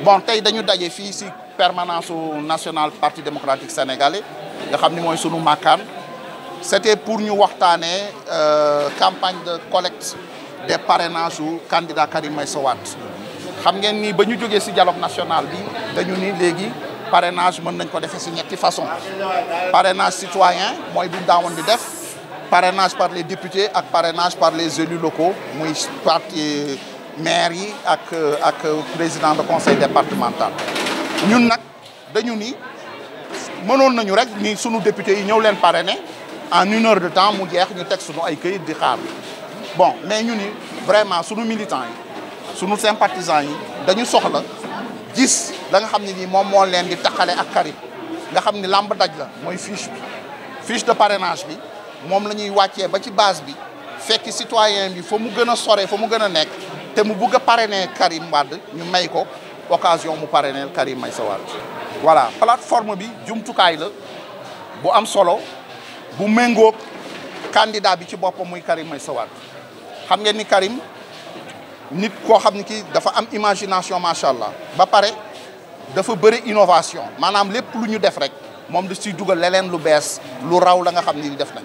bon tey dañu daje fii ci permanence u national parti démocratique sénégalais nga xam ni mooy sunu màkkaan c'était pour ñu waxtaanee euh, campagne de collecte des parrainages su candidat Karim Meïssa Wade xam ngeen nii ba ñu jógee ci dialogue national bi dañu ni léegi parrainage mën nañ ko defee ci ñetti façon parrainage citoyen mooy bu daawoon di def parrainage par les députés ak parrainage par les élus locaux muy parti maire yi ak ak président de conseil départemental ñun nag dañu ni mënoon nañu rek ni sunu député yi ñëw leen parrainer en une heure de temps mu jeex ñu teg sunu ay këyit di xaar bon mais ñu ni vraiment sunu militants yi sunu sympathisants yi dañu soxla gis la nga xam ne nii moom moo leen di taxale ak Karim nga xam ni làmb daj la mooy fiche bi fiche de parrainage bi moom la ñuy wàccee ba ci base bi fekk citoyen bi fa mu gën a sore fa mu gën a nekk te mu bugg a ne Karim Wade ñu may ko occasion mu parrainer Karim Meïssa Wade voilà plateforme bi jumtukaay la bu am solo bu méngoog candidat bi ci boppam muy Karim Meïssa Wade xam ngeen ni Karim nit koo xam ni kii dafa am imagination macha allah ba pare dafa bëri innovation maanaam lépp lu ñu def rek moom da siy dugal leneen lu bees lu raw la nga xam ni def nañ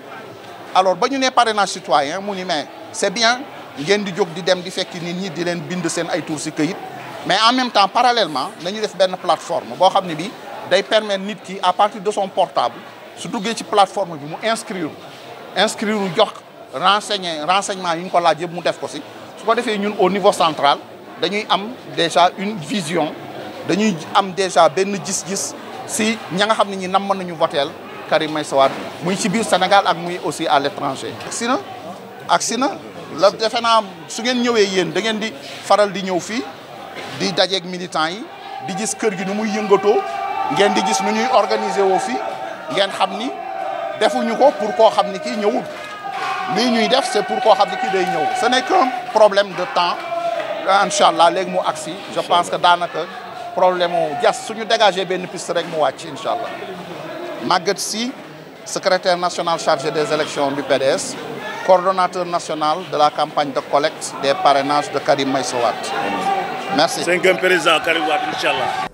alors ba ñu nee pare parrainage citoyen mu ni mais c'est bien ngeen di jóg di dem di fekk nit ñi di leen bind seen ay tour si këyit mais en même temps parallèlement nañu def benn plateforme boo xam ne bi day permettre nit ki à partir de son portable su duggee ci plateforme bi mu inscrire inscrire jox renseigner renseignement yi ñu ko laaj yëpp mu def ko si su ko defee ñun au niveau central dañuy am déjà une vision dañuy am déjà benn gis-gis si ña nga xam ne ñi nam mën nañu voteel Karim Meïssa Wade muy ci biir Sénégal ak muy aussi à l'étranger agsi na agsi na la defe naa su ngeen ñëwee yéen da ngeen di faral di ñëw fii di dajeeg militants yi di gis kër gi nu muy yëngatoo ngeen di gis nu ñuy organiser woo fii ngeen xam ni defuñu ko pour koo xam ni kii ñëwul lii ñuy def c'est pour koo xam ni kii day ñëw ce n'est qu'un problème de temps incha allah léegi mu si je pense que daanaka problème mu jas suñu dégagé benn piste rek mu wàcc incha allah Maguette Sy secrétaire national chargé des élections du PDS coordonnateur national de la campagne de collecte des parrainages de Karim Meïssa Wade merci. cinquième président Karim Wade